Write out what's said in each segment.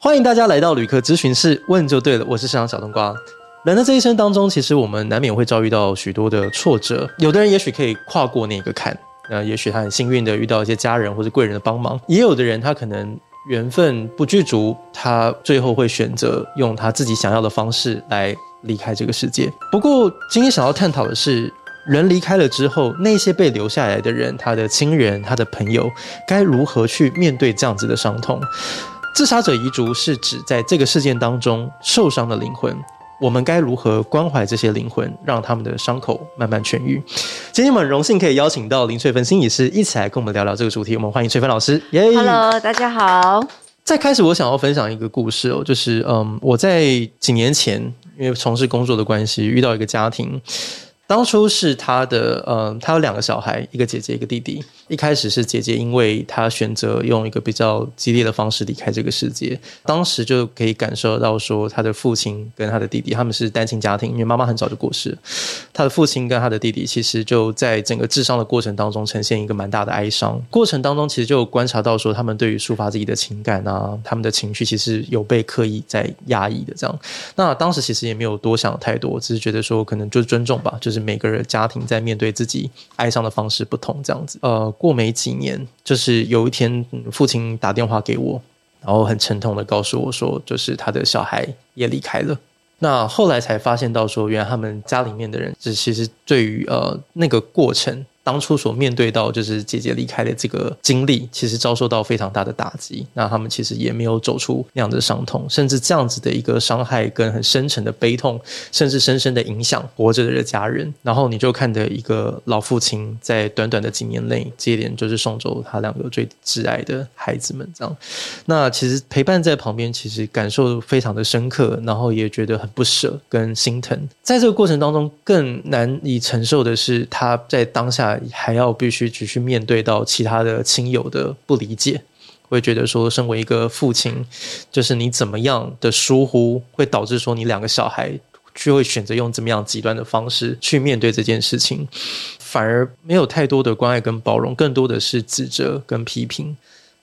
歡迎大家來到旅客諮詢室，問就對了。我是社長小冬瓜。人的這一生當中，其實我們難免會遭遇到許多的挫折。有的人也許可以跨過那個坎，那也許他很幸運的遇到一些家人或是貴人的幫忙；也有的人他可能緣分不具足，他最後會選擇用他自己想要的方式來離開這個世界。不過，今天想要探討的是，人離開了之後，那些被留下來的人，他的親人、他的朋友，該如何去面對這樣子的傷痛？自殺者遺族是指在這個事件當中受傷的靈魂，我們該如何關懷這些靈魂，讓他們的傷口慢慢痊癒？今天我們很榮幸可以邀請到林萃芬心理師一起來跟我們聊聊這個主題。我們歡迎萃芬老師。耶、yeah!，Hello，大家好。在開始，我想要分享一個故事哦，就是嗯，我在幾年前因為從事工作的關係，遇到一個家庭。當初是他的，嗯，他有兩個小孩，一個姐姐，一個弟弟。一開始是姐姐，因為他選擇用一個比較激烈的方式離開這個世界。當時就可以感受到說，他的父親跟他的弟弟，他們是單親家庭，因為媽媽很早就過世了。他的父親跟他的弟弟，其實就在整個治喪的過程當中，呈現一個蠻大的哀傷。過程當中，其實就觀察到說，他們對於抒發自己的情感啊，他們的情緒其實有被刻意在壓抑的。這樣，那當時其實也沒有多想太多，只是覺得說，可能就是尊重吧，就是。每個人家庭在面對自己哀傷的方式不同，這樣子。呃，過沒幾年，就是有一天父親打電話給我，然後很沉痛的告訴我說，就是他的小孩也離開了。那後來才發現到說，原來他們家裡面的人，就其實對於呃那個過程。當初所面對到就是姐姐離開的這個經歷，其實遭受到非常大的打擊。那他們其實也沒有走出那樣的傷痛，甚至這樣子的一個傷害跟很深沉的悲痛，甚至深深的影響活着的家人。然後你就看着一個老父親，在短短的幾年內接連就是送走他兩個最摯愛的孩子們，這樣。那其實陪伴在旁邊，其實感受非常的深刻，然後也覺得很不舍跟心疼。在這個過程當中，更難以承受的是他在當下。還要必須繼續面對到其他的親友的不理解，會覺得說，身為一個父親，就是你怎麼樣的疏忽，會導致說你兩個小孩就會選擇用怎麼樣極端的方式去面對這件事情，反而沒有太多的關愛跟包容，更多的是指責跟批評。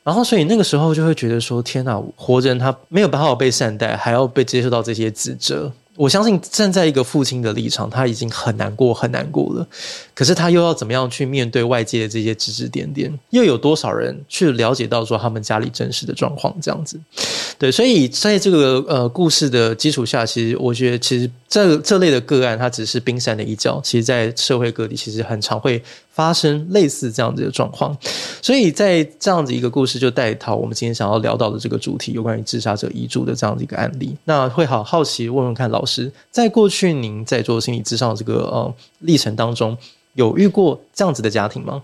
然後，所以那個時候就會覺得說，天哪，活着人他沒有辦法被善待，還要被接受到這些指責。我相信站在一個父親的立場，他已經很難過，很難過了。可是他又要怎麼樣去面對外界的這些指指點點？又有多少人去了解到說他們家裡真實的狀況？這樣子，對。所以在這個呃故事的基礎下，其實我覺得，其實這這類的個案，它只是冰山的一角。其實，在社會各地，其實很常會。發生類似這樣子的狀況，所以在這樣子一個故事，就帶一套我們今天想要聊到的這個主題，有關於自殺者遺族的這樣的一個案例。那會好好奇問問看老師，在過去您在做心理諮商的這個呃歷程當中，有遇過這樣子的家庭嗎？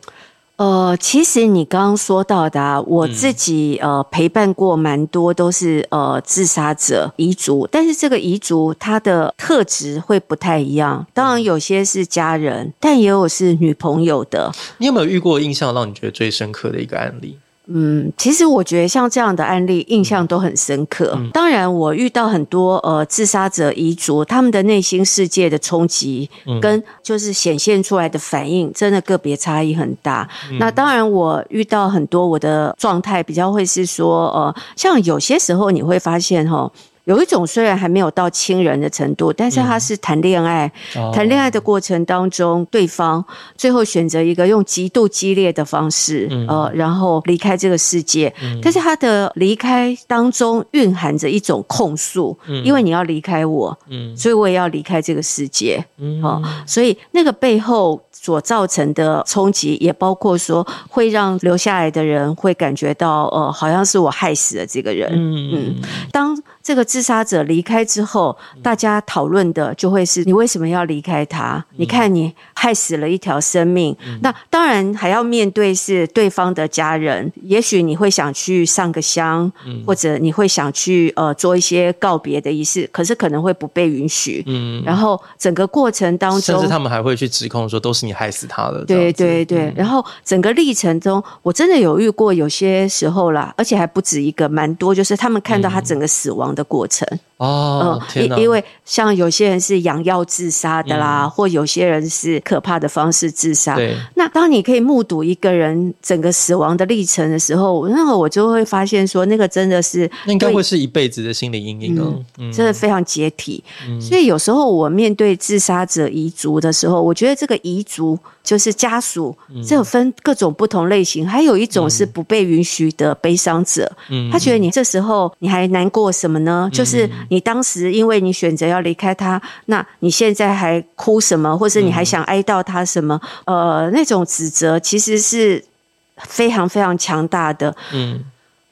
呃，其實你剛剛說到的，啊，我自己呃陪伴過蠻多，都是呃自殺者遺族，但是這個遺族，它的特質會不太一樣，當然有些是家人，但也有是女朋友的。你有沒有遇過印象讓你覺得最深刻的一個案例？嗯，其實我覺得像這樣的案例印象都很深刻。嗯、當然，我遇到很多呃自殺者遺族，他們的內心世界的衝擊、嗯、跟就是顯現出來的反應，真的個別差異很大。嗯、那當然，我遇到很多我的狀態比較會是說，呃，像有些時候你會發現哈。有一種雖然還沒有到親人的程度，但是他是談戀愛，嗯 oh. 談戀愛的過程當中，對方最後選擇一個用極度激烈的方式，嗯、呃，然後離開這個世界、嗯。但是他的離開當中蘊含着一種控訴，嗯、因為你要離開我、嗯，所以我也要離開這個世界。好、嗯呃，所以那個背後。所造成的衝擊，也包括說會讓留下來的人會感覺到，呃，好像是我害死了這個人。嗯嗯。當這個自殺者離開之後，嗯。大家討論的就會是你為什麼要離開他？嗯。你看你害死了一條生命。嗯。那當然還要面對是對方的家人，也許你會想去上個香，嗯。或者你會想去呃做一些告別的儀式，可是可能會不被允許。嗯。然後整個過程當中，甚至他們還會去指控說都是你。害死他了。對對對。然後整個歷程中，我真的有遇過有些時候啦，而且還不止一個，蠻多。就是他們看到他整個死亡的過程。嗯哦，因、嗯、因為像有些人是仰藥自殺的啦、嗯，或有些人是可怕的方式自殺。對，那當你可以目睹一個人整個死亡的歷程的時候，那我就會發現說，那個真的是那應該會是一輩子的心理陰影哦，真的非常解體、嗯。所以有時候我面對自殺者遺族的時候，我覺得這個遺族就是家屬，這、嗯、有分各種不同類型，還有一種是不被允許的悲傷者、嗯，他覺得你這時候你還難過什麼呢？嗯、就是。你當時因為你選擇要離開他，那你現在還哭什麼？或是你還想哀悼他什麼？嗯、呃，那種指責其實是非常非常強大的，嗯。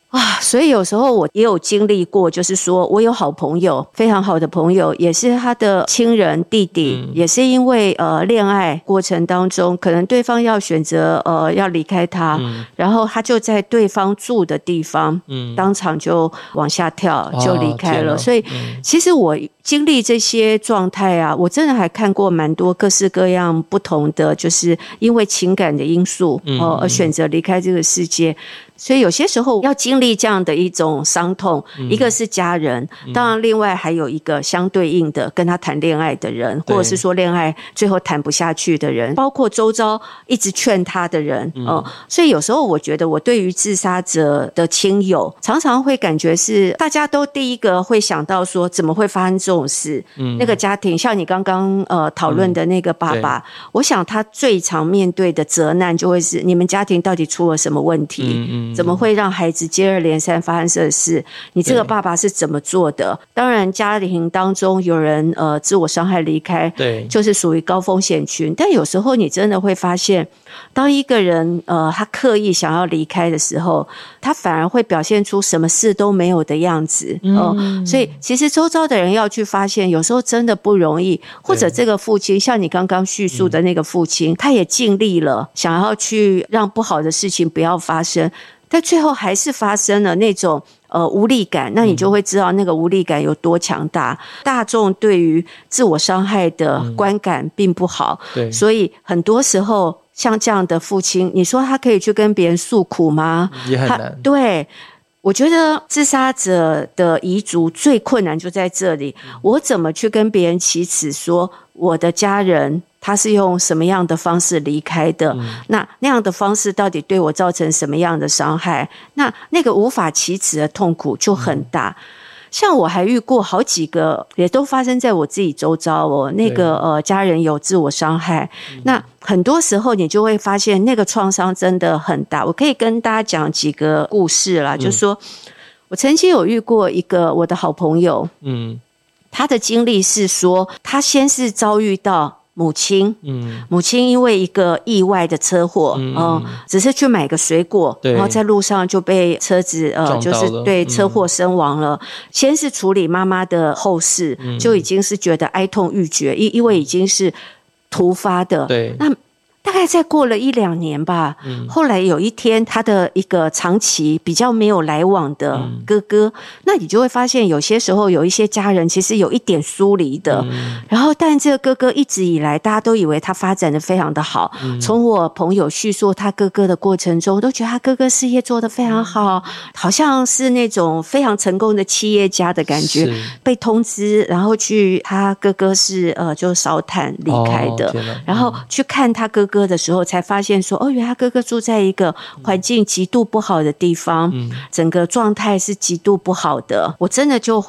啊，所以有時候我也有經歷過，就是說我有好朋友，非常好的朋友，也是他的親人弟弟，嗯、也是因為呃戀愛過程當中，可能對方要選擇呃要離開他，嗯，然後他就在對方住的地方，嗯，當場就往下跳，啊、就離開了，了。所以其實我經歷這些狀態啊，我真的還看過蠻多各式各樣不同的，就是因為情感的因素哦，嗯呃，而選擇離開這個世界。嗯嗯、所以有些時候要經。力這樣的一種傷痛，嗯、一個是家人、嗯，當然另外還有一個相對應的跟他談戀愛的人，或者是說戀愛最後談不下去的人，包括周遭一直勸他的人。嗯，呃、所以有時候我覺得，我對於自殺者的親友，常常會感覺是大家都第一個會想到說，怎麼會發生這種事、嗯？那個家庭，像你剛剛呃討論的那個爸爸、嗯，我想他最常面對的責難，就會是你們家庭到底出了什麼問題？嗯、怎麼會讓孩子接二連三發生的事，你這個爸爸是怎麼做的？當然，家庭當中有人呃自我傷害離開，對，就是屬於高風險群。但有時候你真的會發現，當一個人呃他刻意想要離開的時候，他反而會表現出什麼事都沒有的樣子。呃、嗯，所以其實周遭的人要去發現，有時候真的不容易。或者這個父親，像你剛剛敘述的那個父親，嗯、他也盡力了，想要去讓不好的事情不要發生。但最後還是發生了那種呃無力感，那你就會知道那個無力感有多強大。嗯、大眾對於自我傷害的觀感並不好。嗯，對，所以很多時候像這樣的父親，你說他可以去跟別人訴苦嗎？也很難。他對，我覺得自殺者的遺族最困難就在這裡，我怎麼去跟別人啟齒說我的家人？他是用什麼樣的方式離開的？嗯。那那樣的方式到底對我造成什麼樣的傷害？那那個無法啟齒的痛苦就很大、嗯。像我還遇過好幾個，也都發生在我自己周遭，哦、喔。那個、嗯、呃，家人有自我傷害、嗯，那很多時候你就會發現那個創傷真的很大。我可以跟大家講幾個故事啦、嗯，就是說，我曾經有遇過一個我的好朋友，嗯，他的經歷是說，他先是遭遇到。母親，嗯，母親因為一個意外的車禍，嗯，呃，只是去買個水果，然後在路上就被車子，呃，就是對車禍身亡了，嗯。先是處理媽媽的後事，嗯，就已經是覺得哀痛欲絕，因因為已經是突發的，對，那。大概再過了一兩年吧、嗯，後來有一天，他的一個長期比較沒有來往的哥哥，嗯、那你就會發現，有些時候有一些家人其實有一點疏離的。嗯、然後，但這個哥哥一直以來，大家都以為他發展得非常的好、嗯。從我朋友敘述他哥哥的過程中，我都覺得他哥哥事業做得非常好，嗯、好像是那種非常成功的企業家的感覺。被通知，然後去，他哥哥是呃就燒炭離開的，哦 okay 嗯、然後去看他哥哥。哥，哥的時候，才發現說，哦，原來他哥哥住在一個環境極度不好的地方，嗯、整個狀態是極度不好的、嗯。我真的就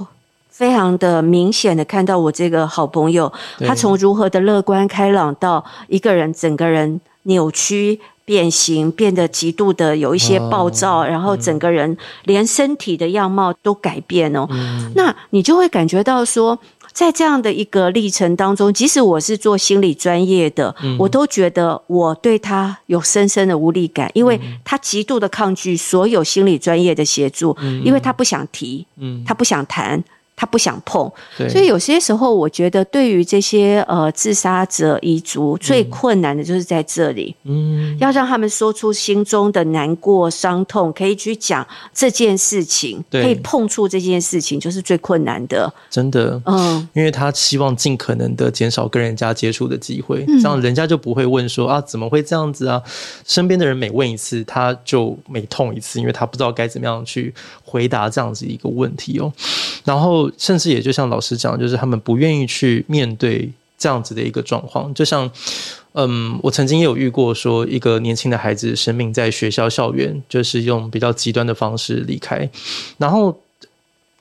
非常的明顯的看到我這個好朋友，他從如何的樂觀開朗，到一個人整個人扭曲變形，變得極度的有一些暴躁、哦，然後整個人連身體的樣貌都改變哦。嗯、那你就會感覺到說。在這樣的一個歷程當中，即使我是做心理專業的，嗯，我都覺得我對他有深深的無力感，因為他極度的抗拒所有心理專業的協助，因為他不想提，嗯，他不想談。嗯他不想碰，所以有些時候，我覺得對於這些呃自殺者遺族、嗯、最困難的就是在這裡，嗯，要讓他們說出心中的難過、傷痛，可以去講這件事情，對，可以碰觸這件事情，就是最困難的。真的，嗯，因為他希望盡可能的減少跟人家接觸的機會，嗯、這樣人家就不會問說啊怎麼會這樣子啊？身邊的人每問一次，他就每痛一次，因為他不知道該怎麼樣去回答這樣子一個問題哦，然後。甚至也就像老師講，就是他們不願意去面對這樣子的一個狀況。就像，嗯，我曾經也有遇過說，說一個年輕的孩子生命在學校校園，就是用比較極端的方式離開。然後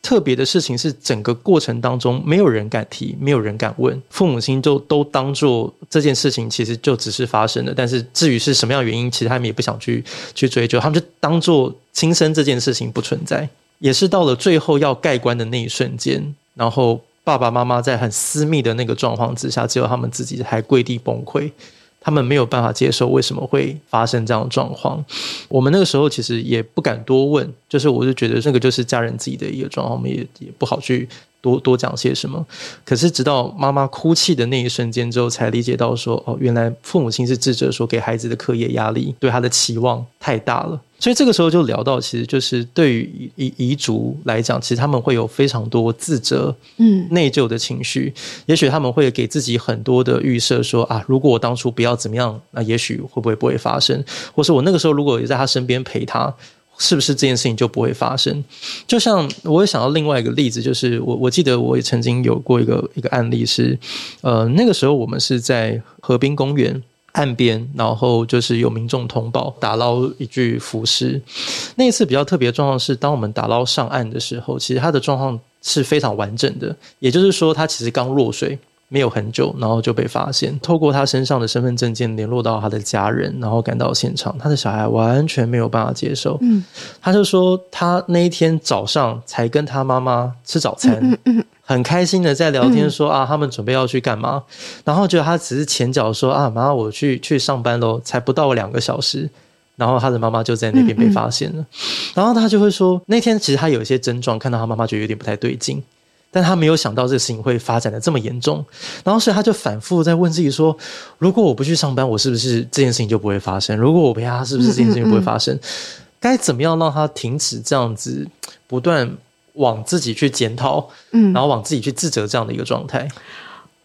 特別的事情是，整個過程當中沒有人敢提，沒有人敢問，父母親就都，都當做這件事情其實就只是發生了。但是至於是什麼樣的原因，其實他們也不想去去追究，他們就當做輕生這件事情不存在。也是到了最後要蓋棺的那一瞬間，然後爸爸媽媽在很私密的那個狀況之下，只有他們自己還跪地崩潰，他們沒有辦法接受為什麼會發生這樣的狀況。我們那個時候其實也不敢多問，就是我就覺得這個就是家人自己的一個狀況，我們也也不好去多多講些什麼。可是直到媽媽哭泣的那一瞬間之後，才理解到說，哦，原來父母親是自責說，給孩子的課業壓力對他的期望太大了。所以這個時候就聊到，其實就是對於遺遺族來講，其實他們會有非常多自責、嗯內疚的情緒、嗯。也許他們會給自己很多的預設說，說啊，如果我當初不要怎麼樣，那也許會不會不會發生？或是我那個時候如果也在他身邊陪他，是不是這件事情就不會發生？就像我也想到另外一個例子，就是我我記得我也曾經有過一個一個案例是，呃，那個時候我們是在河濱公園。岸邊，然後就是有民眾通報打撈一具浮屍。那一次比較特別的狀況是，當我們打撈上岸的時候，其實他的狀況是非常完整的，也就是說，他其實剛落水。沒有很久，然後就被發現。透過他身上的身份證件聯絡到他的家人，然後趕到現場。他的小孩完全沒有辦法接受，嗯、他就說他那一天早上才跟他媽媽吃早餐，嗯嗯嗯、很開心的在聊天說啊，他們準備要去幹嘛。然後覺得他只是前腳說啊，媽，我去去上班嘍，才不到兩個小時，然後他的媽媽就在那邊被發現了，嗯嗯。然後他就會說，那天其實他有一些症狀，看到他媽媽覺得有點不太對勁。但他沒有想到這個事情會發展的這麼嚴重，然後所以他就反覆在問自己說：如果我不去上班，我是不是這件事情就不會發生？如果我陪他，是不是這件事情就不會發生嗯嗯嗯？該怎麼樣讓他停止這樣子不斷往自己去檢討、嗯，然後往自己去自責這樣的一個狀態？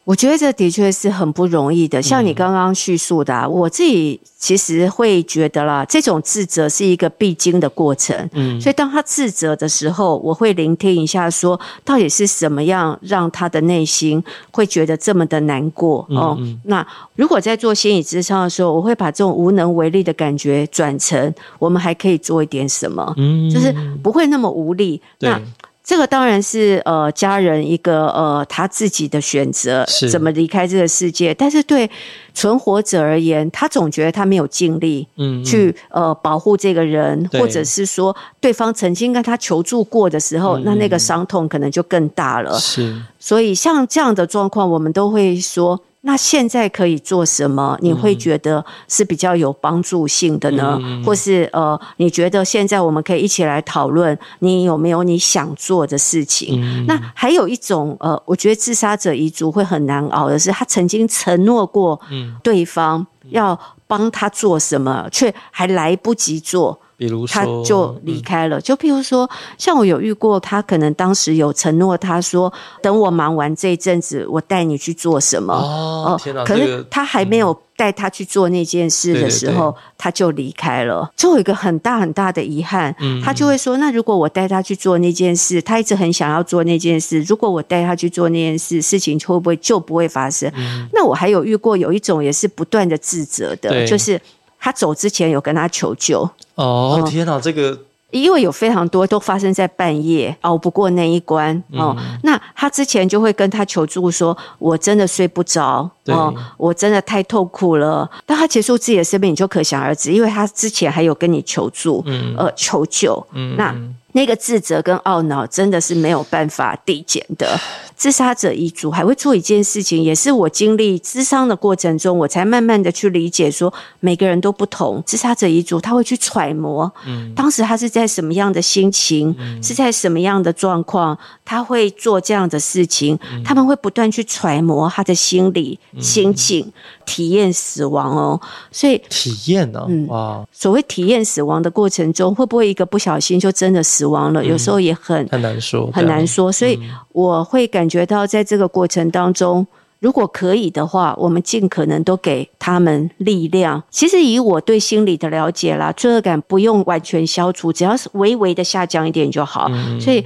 我覺得這的確是很不容易的。像你剛剛敘述的，啊嗯，我自己其實會覺得啦，這種自責是一個必經的過程。嗯，所以當他自責的時候，我會聆聽一下說，說到底是什麼樣讓他的內心會覺得這麼的難過哦。嗯嗯、那如果在做心理諮商的時候，我會把這種無能為力的感覺轉成我們還可以做一點什麼，嗯，就是不會那麼無力。嗯、那。這個當然是呃，家人一個呃，他自己的選擇是，怎麼離開這個世界。但是對存活者而言，他總覺得他沒有盡力，嗯，嗯，去呃保護這個人，或者是說對方曾經跟他求助過的時候嗯嗯，那那個傷痛可能就更大了。是，所以像這樣的狀況，我們都會說。那現在可以做什麼？你會覺得是比較有幫助性的呢？嗯嗯嗯、或是呃，你覺得現在我們可以一起來討論，你有沒有你想做的事情？嗯嗯、那還有一種呃，我覺得自殺者遺族會很難熬的是，他曾經承諾過對方要幫他做什麼，嗯嗯、卻還來不及做。比如說，他就離開了。就譬如說，像我有遇過，他可能當時有承諾，他說等我忙完這一陣子，我帶你去做什麼。哦，天哪！可是他還沒有帶他去做那件事的時候、嗯對對對，他就離開了。就有一個很大很大的遺憾。他就會說、嗯：“那如果我帶他去做那件事，他一直很想要做那件事。如果我帶他去做那件事，事情就會不會就不會發生、嗯？那我還有遇過有一種也是不斷的自責的，就是。”他走之前有跟他求救哦、呃，天哪，這個因為有非常多都發生在半夜，熬不過那一關哦、呃嗯。那他之前就會跟他求助說，說我真的睡不着哦、呃，我真的太痛苦了。當他結束自己的生命，你就可想而知，因為他之前還有跟你求助，嗯，呃，求救，嗯，那。那個自責跟懊惱真的是沒有辦法遞減的。自殺者遺族還會做一件事情，也是我經歷諮商的過程中，我才慢慢的去理解說，每個人都不同。自殺者遺族他會去揣摩，嗯，當時他是在什麼樣的心情、嗯，是在什麼樣的狀況，他會做這樣的事情。他們會不斷去揣摩他的心理、嗯、心情、嗯，體驗死亡哦。所以體驗呢、啊，啊、嗯，所謂體驗死亡的過程中，會不會一個不小心就真的死？死亡了，嗯，有時候也很很難說，很難說、啊。所以我會感覺到，在這個過程當中、嗯，如果可以的話，我們盡可能都給他們力量、嗯。其實以我對心理的了解啦，罪惡感不用完全消除，只要是微微的下降一點就好。嗯、所以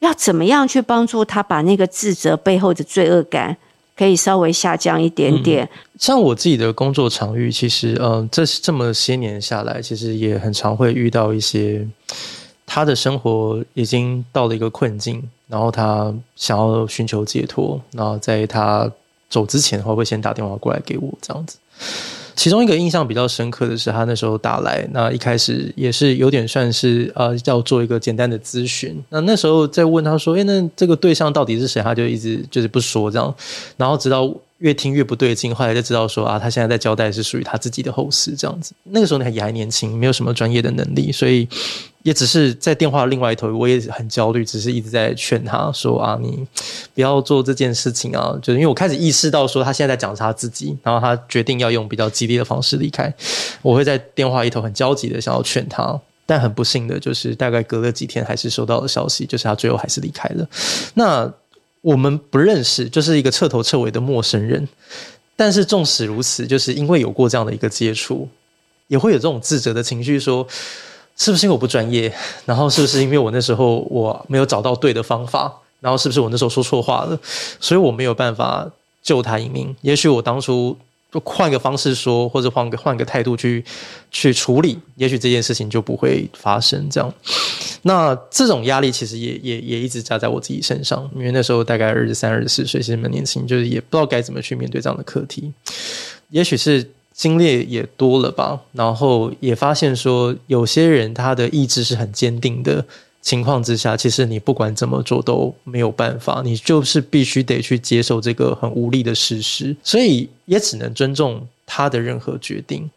要怎麼樣去幫助他，把那個自責背後的罪惡感可以稍微下降一點點。嗯、像我自己的工作場域，其實，嗯、呃，這這麼些年下來，其實也很常會遇到一些。他的生活已經到了一個困境，然後他想要尋求解脫，然後在他走之前的話，會先打電話過來給我這樣子。其中一個印象比較深刻的是，他那時候打來，那一開始也是有點算是啊，要、呃、做一個簡單的諮詢。那那時候在問他說：“誒，那這個對象到底是誰？”他就一直就是不說這樣，然後直到越聽越不對勁，後來就知道說啊，他現在在交代是屬於他自己的後事這樣子。那個時候他也還年輕，沒有什麼專業的能力，所以。也只是在電話另外一頭，我也很焦慮，只是一直在勸他說：“啊，你不要做這件事情啊！”就是因為我開始意識到，說他現在在講是他自己，然後他決定要用比較激烈的方式離開。我會在電話一頭很焦急的想要勸他，但很不幸的，就是大概隔了幾天，還是收到了消息，就是他最後還是離開了。那我們不認識，就是一個徹頭徹尾的陌生人，但是縱使如此，就是因為有過這樣的一個接觸，也會有這種自責的情緒，說。是不是因為我不專業？然後是不是因為我那時候我沒有找到對的方法？然後是不是我那時候說錯話了？所以我沒有辦法救他一命。也許我當初就換個方式說，或者換個換個態度去去處理，也許這件事情就不會發生。這樣，那這種壓力其實也也也一直加在我自己身上，因為那時候大概二十三、二十四歲，是那麼年輕，就是也不知道該怎麼去面對這樣的課題。也許是。經歷也多了吧，然後也發現說，有些人他的意志是很堅定的情況之下，其實你不管怎麼做都沒有辦法，你就是必須得去接受這個很無力的事實，所以也只能尊重他的任何決定。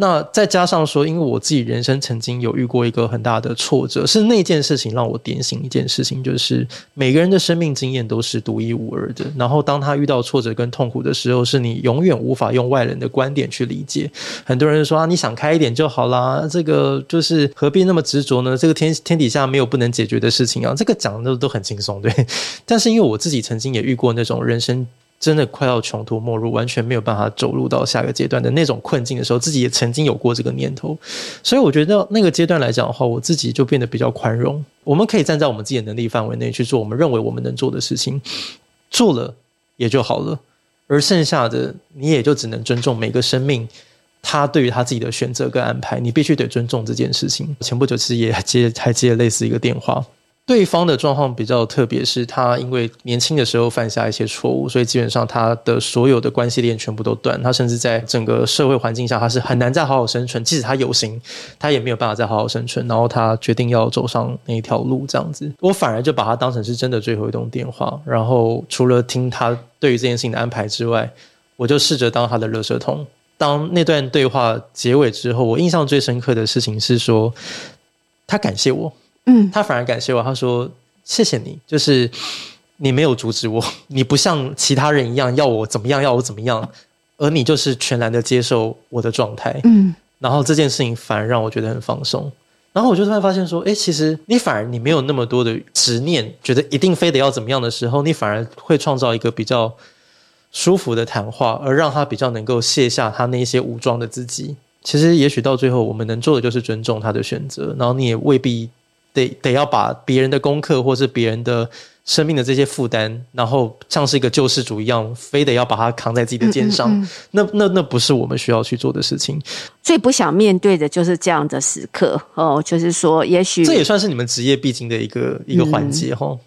那再加上說，因為我自己人生曾經有遇過一個很大的挫折，是那件事情讓我點醒一件事情，就是每個人的生命經驗都是獨一無二的。然後當他遇到挫折跟痛苦的時候，是你永遠無法用外人的觀點去理解。很多人說啊，你想開一點就好啦，這個就是何必那麼執着呢？這個天，天底下沒有不能解決的事情啊，這個講的都很輕鬆，對。但是因為我自己曾經也遇過那種人生，真的快要窮途末路，完全沒有辦法走入到下個階段的那種困境的時候，自己也曾經有過這個念頭。所以我覺得那個階段來講的話，我自己就變得比較寬容。我們可以站在我們自己的能力範圍內去做我們認為我們能做的事情，做了也就好了。而剩下的你也就只能尊重每個生命他對於他自己的選擇跟安排，你必須得尊重這件事情。前不久其實也接還接，還接了類似一個電話。對方的狀況比較特別，是他因為年輕的時候犯下一些錯誤，所以基本上他的所有的關係鏈全部都斷。他甚至在整個社會環境下，他是很難再好好生存。即使他有心，他也沒有辦法再好好生存。然後他決定要走上那一條路，這樣子。我反而就把他當成是真的最後一通電話。然後除了聽他對於這件事情的安排之外，我就試着當他的垃圾桶。當那段對話結尾之後，我印象最深刻的事情是說，他感謝我。嗯，他反而感謝我。他說：“謝謝你，就是你沒有阻止我，你不像其他人一樣要我怎麼樣，要我怎麼樣，而你就是全然的接受我的狀態。”嗯，然後這件事情反而讓我覺得很放鬆。然後我就突然發現說：“哎，其實你反而你沒有那麼多的執念，覺得一定非得要怎麼樣的時候，你反而會創造一個比較舒服的談話，而讓他比較能夠卸下他那些武裝的自己。其實也許到最後，我們能做的就是尊重他的選擇，然後你也未必。”得得要把別人的功課，或是別人的生命的這些負擔，然後像是一個救世主一樣，非得要把它扛在自己的肩上，嗯嗯嗯、那那那不是我們需要去做的事情。最不想面對的就是這樣的時刻哦，就是說也，也許這也算是你們職業必經的一個、嗯、一個環節哈。哦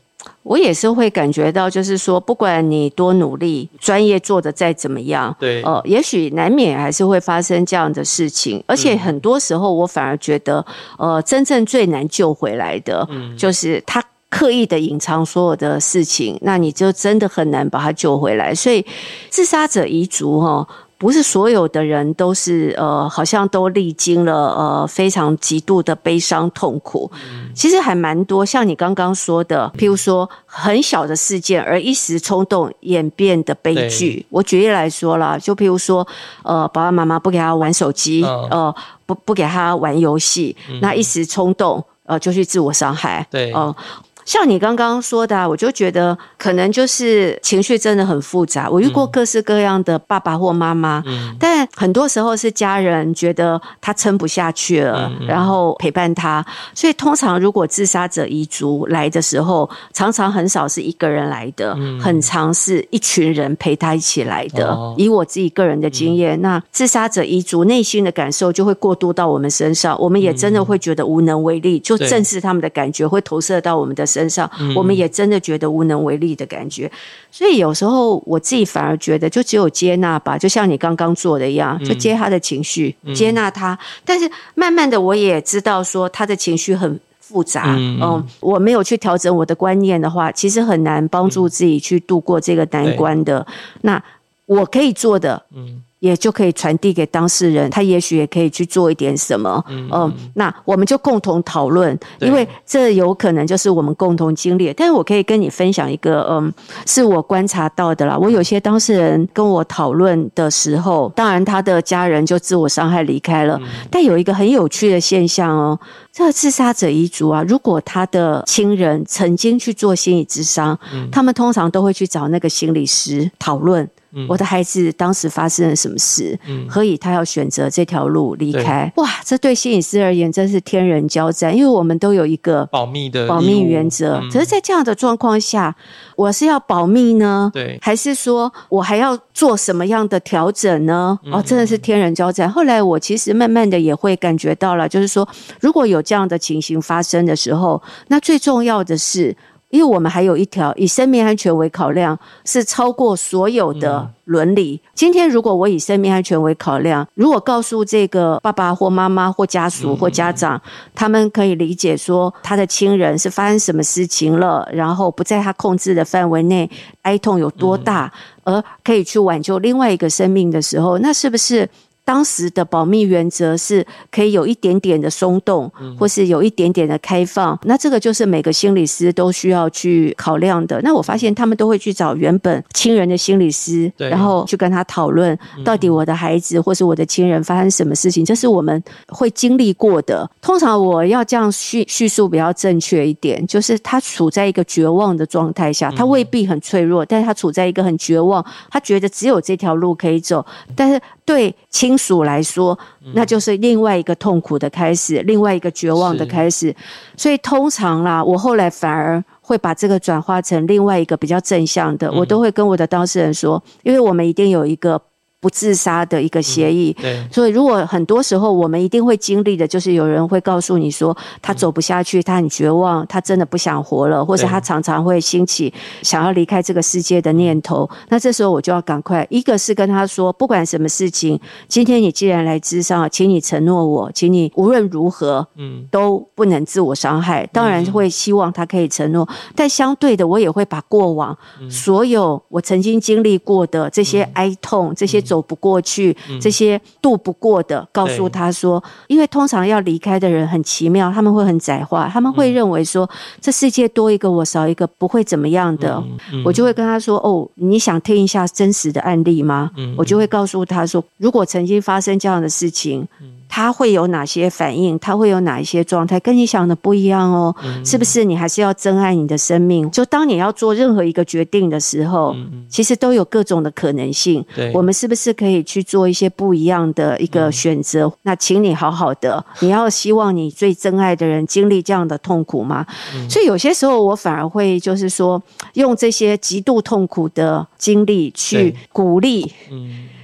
我也是會感覺到，就是說，不管你多努力、專業做得再怎麼樣，對，呃，也許難免還是會發生這樣的事情。而且很多時候，我反而覺得，呃，真正最難救回來的，就是他刻意的隱藏所有的事情，那你就真的很難把他救回來。所以，自殺者遺族，哈。不是所有的人都是呃，好像都歷經了呃非常極度的悲傷痛苦、嗯。其實還蠻多，像你剛剛說的，譬如說很小的事件而一時衝動演變的悲劇。我舉例來說啦，就譬如說，呃，爸爸媽媽不給他玩手機，哦、呃，不不給他玩遊戲、嗯，那一時衝動，呃，就去自我傷害。對，哦、呃。像你剛剛說的、啊，我就覺得可能就是情緒真的很複雜。嗯、我遇過各式各樣的爸爸或媽媽，嗯、但很多時候是家人覺得他撐不下去了、嗯，然後陪伴他。所以通常如果自殺者遺族來的時候，常常很少是一個人來的，嗯、很常是一群人陪他一起來的。哦、以我自己個人的經驗，嗯、那自殺者遺族內心的感受就會過渡到我們身上、嗯，我們也真的會覺得無能為力，嗯、就正視他們的感覺會投射到我們的身上。身上，我們也真的覺得無能為力的感覺，嗯、所以有時候我自己反而覺得，就只有接納吧。就像你剛剛做的一樣，就接他的情緒，嗯、接納他。但是慢慢的，我也知道說他的情緒很複雜，嗯。嗯，我沒有去調整我的觀念的話，其實很難幫助自己去度過這個難關的。嗯、那。我可以做的，嗯，也就可以傳遞給當事人，他也許也可以去做一點什麼，嗯，嗯，那我們就共同討論，因為這有可能就是我們共同經歷。但是我可以跟你分享一個，嗯，是我觀察到的啦。我有些當事人跟我討論的時候，當然他的家人就自我傷害離開了，嗯、但有一個很有趣的現象哦，這個、自殺者遺族啊，如果他的親人曾經去做心理諮商、嗯，他們通常都會去找那個心理師討論。嗯、我的孩子當時發生了什麼事？所、嗯、以他要選擇這條路離開？哇，這對心理師而言真是天人交戰，因為我們都有一個保密的保密原則、嗯。可是在這樣的狀況下，我是要保密呢，對，還是說我還要做什麼樣的調整呢？哦，真的是天人交戰。後來我其實慢慢的也會感覺到了，就是說，如果有這樣的情形發生的時候，那最重要的是。因為我們還有一條以生命安全為考量，是超過所有的倫理。今天，如果我以生命安全為考量，如果告訴這個爸爸或媽媽或家屬或家長，他們可以理解說他的親人是發生什麼事情了，然後不在他控制的範圍內，哀痛有多大，而可以去挽救另外一個生命的時候，那是不是？當時的保密原則是可以有一點點的鬆動，或是有一點點的開放。嗯。那這個就是每個心理師都需要去考量的。那我發現他們都會去找原本親人的心理師，對，然後去跟他討論到底我的孩子或是我的親人發生什麼事情。嗯。這是我們會經歷過的。通常我要這樣敘敘述比較正確一點，就是他處在一個絕望的狀態下，他未必很脆弱，但是他處在一個很絕望，他覺得只有這條路可以走，但是對親親屬來說，那就是另外一個痛苦的開始，嗯、另外一個絕望的開始。所以通常啦、啊，我後來反而會把這個轉化成另外一個比較正向的。嗯、我都會跟我的當事人說，因為我們一定有一個。不自殺的一個協議、嗯對，所以如果很多時候我們一定會經歷的，就是有人會告訴你說他走不下去、嗯，他很絕望，他真的不想活了，或者他常常會興起想要離開這個世界的念頭。嗯、那這時候我就要趕快，一個是跟他說，不管什麼事情，今天你既然來諮商，請你承諾我，請你無論如何，嗯，都不能自我傷害。當然會希望他可以承諾、嗯，但相對的，我也會把過往、嗯、所有我曾經經歷過的這些哀痛，嗯、這些走不過去，這些度不過的，告訴他說、嗯，因為通常要離開的人很奇妙，他們會很窄化，他們會認為說，嗯、這世界多一個我少一個不會怎麼樣的、嗯嗯，我就會跟他說，哦，你想聽一下真實的案例嗎？嗯嗯、我就會告訴他說，如果曾經發生這樣的事情，他會有哪些反應？他會有哪一些狀態？跟你想的不一樣哦，是不是？你還是要珍愛你的生命。就當你要做任何一個決定的時候，其實都有各種的可能性。嗯嗯、我們是不是？是可以去做一些不一樣的一個選擇。嗯。那請你好好的，你要希望你最真愛的人經歷這樣的痛苦嗎？嗯。所以有些時候我反而會就是說，用這些極度痛苦的經歷去鼓勵。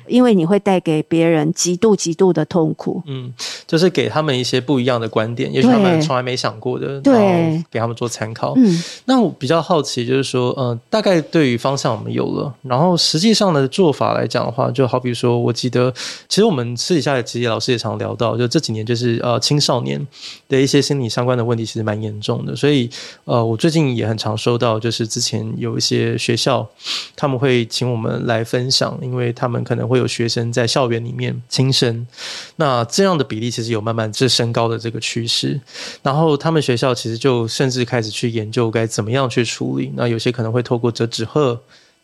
因為你會帶給別人極度極度的痛苦。嗯，就是給他們一些不一樣的觀點，也許他們從來沒想過的。對，給他們做參考。嗯，那我比較好奇，就是說，呃，大概對於方向我們有了，然後實際上的做法來講的話，就好比說我記得，其實我們私底下其實老師也常聊到，就這幾年就是呃，青少年的一些心理相關的問題其實蠻嚴重的，所以呃我最近也很常收到，就是之前有一些學校他們會請我們來分享，因為他們可能會。有學生在校園裡面輕生，那這樣的比例其實有慢慢這升高的這個趨勢，然後他們學校其實就甚至開始去研究該怎麼樣去處理，那有些可能會透過折紙鶴。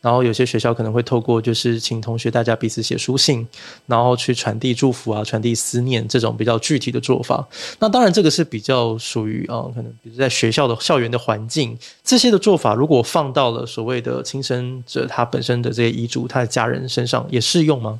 然後有些學校可能會透過就是請同學大家彼此寫書信，然後去傳遞祝福啊，傳遞思念這種比較具體的做法。那當然，這個是比較屬於啊，可能比如在學校的校園的環境這些的做法，如果放到了所謂的輕生者他本身的這些遺族，他的家人身上也適用嗎？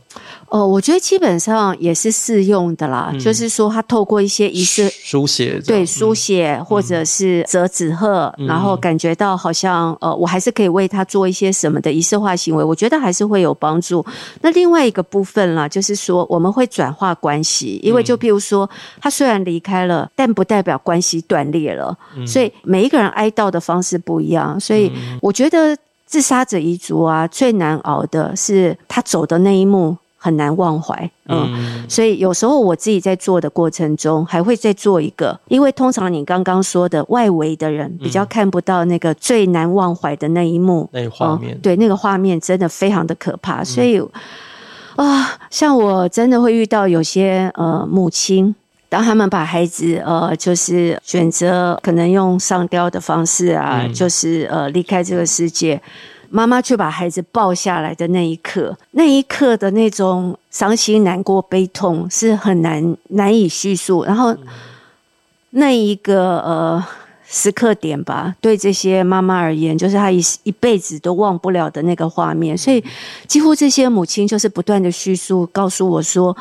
哦、呃，我覺得基本上也是適用的啦。嗯、就是說，他透過一些儀式書,書,寫書寫，對書寫或者是折紙鶴、嗯，然後感覺到好像呃，我還是可以為他做一些什麼的。儀式化行為，我覺得還是會有幫助。那另外一個部分啦，就是說我們會轉化關係，因為就譬如說他雖然離開了，但不代表關係斷裂了。所以每一個人哀悼的方式不一樣，所以我覺得自殺者遺族啊，最難熬的是他走的那一幕。很難忘懷，嗯，嗯，所以有時候我自己在做的過程中，還會再做一個，因為通常你剛剛說的外圍的人比較看不到那個最難忘懷的那一幕，嗯，那個畫面，嗯，對，那個畫面真的非常的可怕，所以啊，嗯呃，像我真的會遇到有些呃母親，當他們把孩子呃，就是選擇可能用上吊的方式啊，嗯，就是呃離開這個世界。媽媽卻把孩子抱下來的那一刻，那一刻的那種傷心、難過、悲痛是很難難以敘述。然後，嗯、那一個呃時刻點吧，對這些媽媽而言，就是她一一輩子都忘不了的那個畫面、嗯。所以，幾乎這些母親就是不斷的敘述，告訴我說：“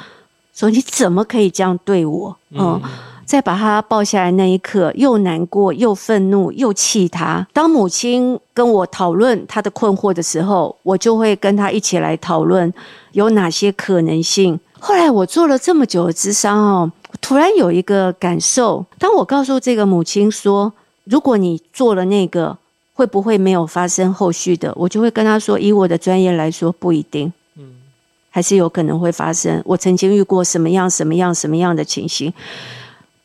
說你怎麼可以這樣對我？”嗯。嗯再把他抱下來那一刻，又難過又憤怒又氣他。當母親跟我討論他的困惑的時候，我就會跟他一起來討論有哪些可能性。後來我做了這麼久的諮商哦，突然有一個感受。當我告訴這個母親說：“如果你做了那個，會不會沒有發生後續的？”我就會跟他說：“以我的專業來說，不一定，嗯，還是有可能會發生。我曾經遇過什麼樣什麼樣什麼樣的情形。”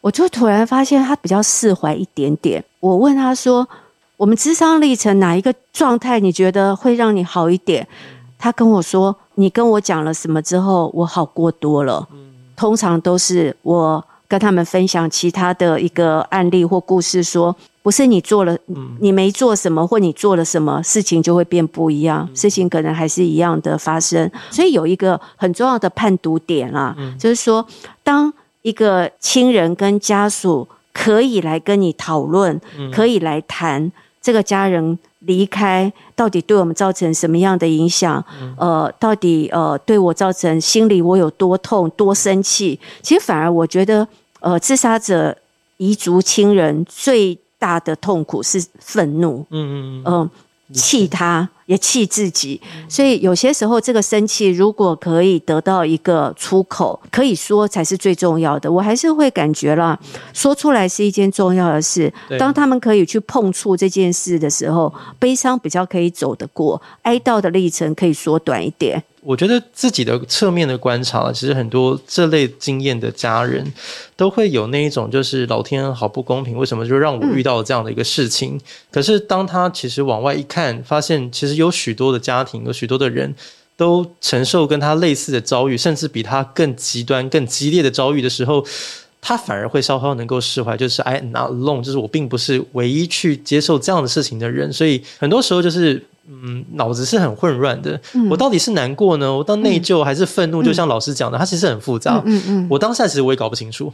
我就突然發現他比較釋懷一點點。我問他說：“我們諮商歷程哪一個狀態你覺得會讓你好一點？”他跟我說：“你跟我講了什麼之後，我好過多了。”通常都是我跟他們分享其他的一個案例或故事，說不是你做了，你沒做什麼，或你做了什麼事情就會變不一樣，事情可能還是一樣的發生。所以有一個很重要的判讀點啊，就是說當。一個親人跟家屬可以來跟你討論，嗯、可以來談這個家人離開到底對我們造成什麼樣的影響？嗯、呃，到底呃對我造成心裡我有多痛多生氣？其實反而我覺得，呃，自殺者遺族親人最大的痛苦是憤怒，嗯嗯嗯，呃、氣他。嗯也氣自己，所以有些時候這個生氣如果可以得到一個出口，可以說才是最重要的。我還是會感覺啦，說出來是一件重要的事。當他們可以去碰觸這件事的時候，悲傷比較可以走得過，哀悼的歷程可以縮短一點。我覺得自己的側面的觀察，其實很多這類經驗的家人都會有那一種，就是老天好不公平，為什麼就讓我遇到這樣的一個事情？嗯、可是當他其實往外一看，發現其實，有許多的家庭，有許多的人都承受跟他類似的遭遇，甚至比他更極端、更激烈的遭遇的時候，他反而會稍稍能夠釋懷，就是 I'm not alone，就是我並不是唯一去接受這樣的事情的人。所以很多時候就是，嗯，腦子是很混亂的、嗯。我到底是難過呢？我到內疚還是憤怒、嗯？就像老師講的，他其實很複雜。嗯，嗯嗯，我當下其實我也搞不清楚。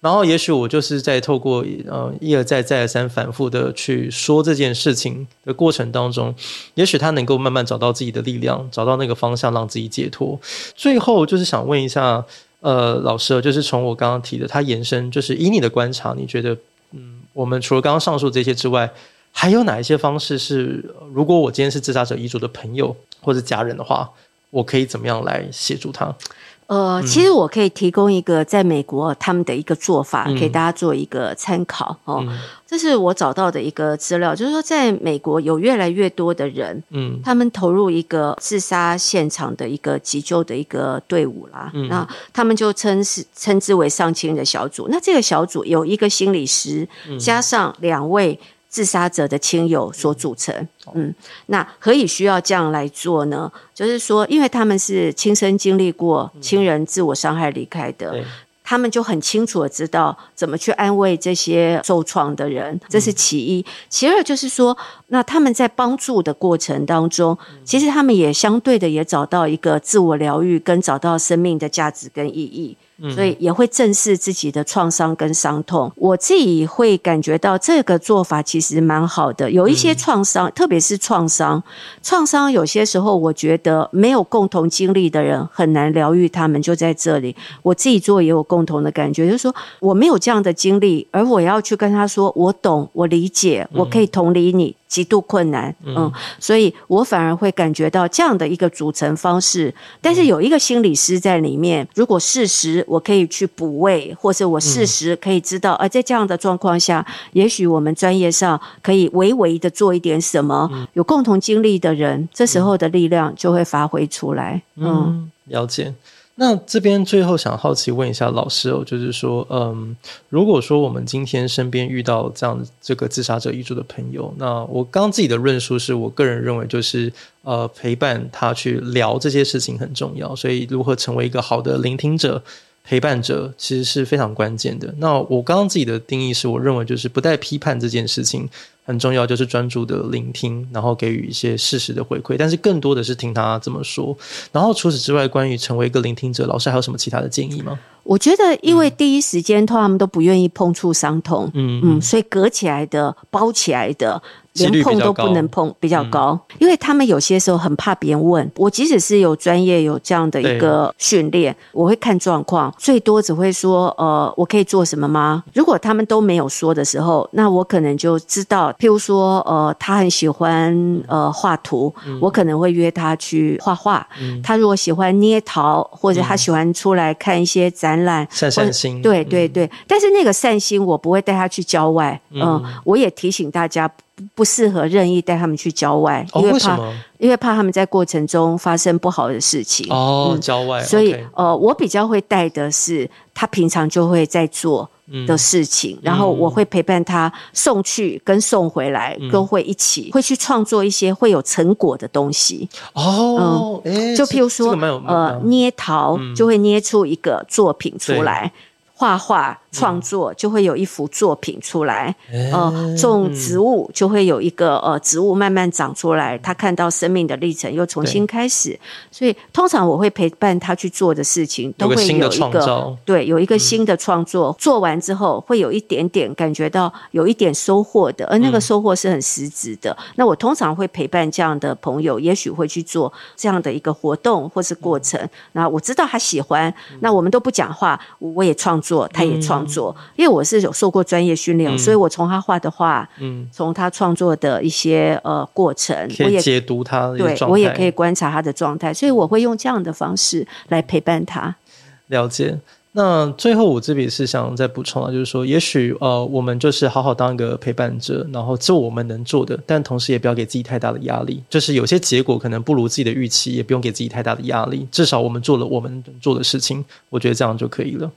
然後，也許我就是在透過呃一而再、再而三、反覆的去說這件事情的過程當中，也許他能夠慢慢找到自己的力量，找到那個方向，讓自己解脫。最後，就是想問一下，呃，老師，就是從我剛剛提的，他延伸，就是以你的觀察，你覺得，嗯，我們除了剛剛上述這些之外，還有哪一些方式是，如果我今天是自殺者遺族的朋友或者家人的話？我可以怎麼樣來協助他？呃，其實我可以提供一個在美國他們的一個做法，嗯，給大家做一個參考哦，嗯。這是我找到的一個資料，就是說在美國有越來越多的人，嗯，他們投入一個自殺現場的一個急救的一個隊伍啦，嗯，那他們就稱是稱之為上千人的小組。那這個小組有一個心理師，嗯，加上兩位。自殺者的親友所組成。嗯嗯，嗯，那何以需要這樣來做呢？就是說，因為他們是親身經歷過親人自我傷害離開的，嗯嗯，他們就很清楚的知道怎麼去安慰這些受創的人，這是其一。嗯。其二就是說，那他們在幫助的過程當中，其實他們也相對的也找到一個自我療癒，跟找到生命的價值跟意義。所以也會正視自己的創傷跟傷痛，我自己會感覺到這個做法其實蠻好的。有一些創傷，特別是創傷，創傷有些時候我覺得沒有共同經歷的人很難療癒他們。就在這裡，我自己做也有共同的感覺，就是說我沒有這樣的經歷，而我要去跟他說，我懂，我理解，我可以同理你。極度困難，嗯，嗯，所以我反而會感覺到這樣的一個組成方式，但是有一個心理師在裡面，嗯、如果事實我可以去補位，或者我事實可以知道、嗯啊，在這樣的狀況下，也許我們專業上可以微微的做一點什麼。嗯、有共同經歷的人，這時候的力量就會發揮出來。嗯，嗯，了解。那這邊最後想好奇問一下老師哦，就是說，嗯，如果說我們今天身邊遇到這樣這個自殺者遺族的朋友，那我剛剛自己的論述是我個人認為就是呃，陪伴他去聊這些事情很重要，所以如何成為一個好的聆聽者、陪伴者，其實是非常關鍵的。那我剛剛自己的定義是我認為就是不帶批判這件事情。很重要，就是專注的聆聽，然後給予一些適時的回饋，但是更多的是聽他怎麼說。然後除此之外，關於成為一個聆聽者，老師還有什麼其他的建議嗎？我覺得，因為第一時間通常他們都不願意碰觸傷痛，嗯嗯，所以隔起來的、包起來的，連碰都不能碰，比較高，機率比較高，嗯。因為他們有些時候很怕別人問我，即使是有專業有這樣的一個訓練，哦，我會看狀況，最多只會說，呃，我可以做什麼嗎？如果他們都沒有說的時候，那我可能就知道，譬如說，呃，他很喜歡呃畫圖，嗯，我可能會約他去畫畫，嗯。他如果喜歡捏陶，或者他喜歡出來看一些展。嗯散散心，對對對。嗯、但是那個散心，我不會帶他去郊外。嗯、呃、我也提醒大家，不適合任意帶他們去郊外，哦、因為怕，為什麼？因為怕他們在過程中發生不好的事情。哦，嗯、郊外，所以、okay、呃，我比較會帶的是，他平常就會在做。的事情，嗯，然後我會陪伴他送去跟送回來，嗯，都會一起會去創作一些會有成果的東西哦，嗯，就譬如說、這個、呃捏陶、嗯、就會捏出一個作品出來，嗯、畫畫。創作就會有一幅作品出來，欸、呃，種植物就會有一個呃植物慢慢長出來，他、嗯、看到生命的歷程又重新開始，所以通常我會陪伴他去做的事情都會有一個，有個對有一個新的創作、嗯，做完之後會有一點點感覺到有一點收穫的，而那個收穫是很實質的、嗯。那我通常會陪伴這樣的朋友，也許會去做這樣的一個活動或是過程。那、嗯、我知道他喜歡、嗯，那我們都不講話，我也創作，他也創。嗯做，因為我是有受過專業訓練，嗯，所以我從他畫的畫，嗯，從他創作的一些呃過程，我也解讀他，對我也可以觀察他的狀態，所以我會用這樣的方式來陪伴他。嗯，了解。那最後，我這邊是想再補充啊，就是說，也許呃，我們就是好好當一個陪伴者，然後做我們能做的，但同時也不要給自己太大的壓力。就是有些結果可能不如自己的預期，也不用給自己太大的壓力。至少我們做了我們能做的事情，我覺得這樣就可以了。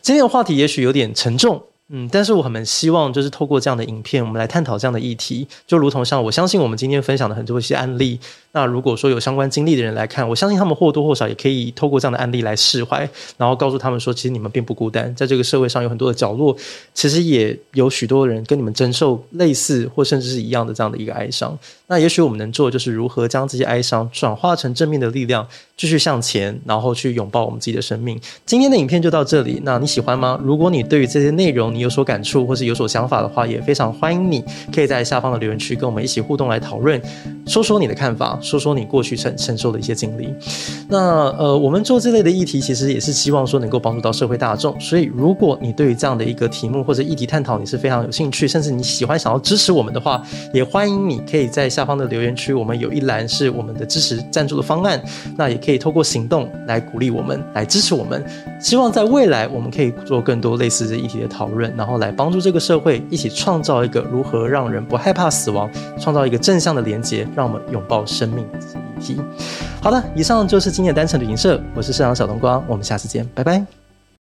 今天的話題也許有點沉重。嗯，但是我很希望就是透過這樣的影片，我們來探討這樣的議題，就如同像我相信我們今天分享的很多一些案例，那如果說有相關經歷的人來看，我相信他們或多或少也可以透過這樣的案例來釋懷，然後告訴他們說，其實你們並不孤單，在這個社會上有很多的角落，其實也有許多人跟你們承受類似或甚至是一樣的這樣的一個哀傷。那也許我們能做的就是如何將這些哀傷轉化成正面的力量，繼續向前，然後去擁抱我們自己的生命。今天的影片就到這裡，那你喜歡嗎？如果你對於這些內容。有所感觸或者有所想法的話，也非常歡迎你可以在下方的留言區跟我們一起互動來討論，說說你的看法，說說你過去承承受的一些經歷。那呃，我們做這類的議題，其實也是希望說能夠幫助到社會大眾。所以，如果你對於這樣的一個題目或者議題探討，你是非常有興趣，甚至你喜歡想要支持我們的話，也歡迎你可以在下方的留言區，我們有一欄是我們的支持贊助的方案，那也可以透過行動來鼓勵我們，來支持我們。希望在未來我們可以做更多類似這議題的討論。然後來幫助這個社會，一起創造一個如何讓人不害怕死亡，創造一個正向的連接，讓我們擁抱生命的。好的，以上就是今天的單程旅行社，我是社長小冬瓜，我們下次見，拜拜。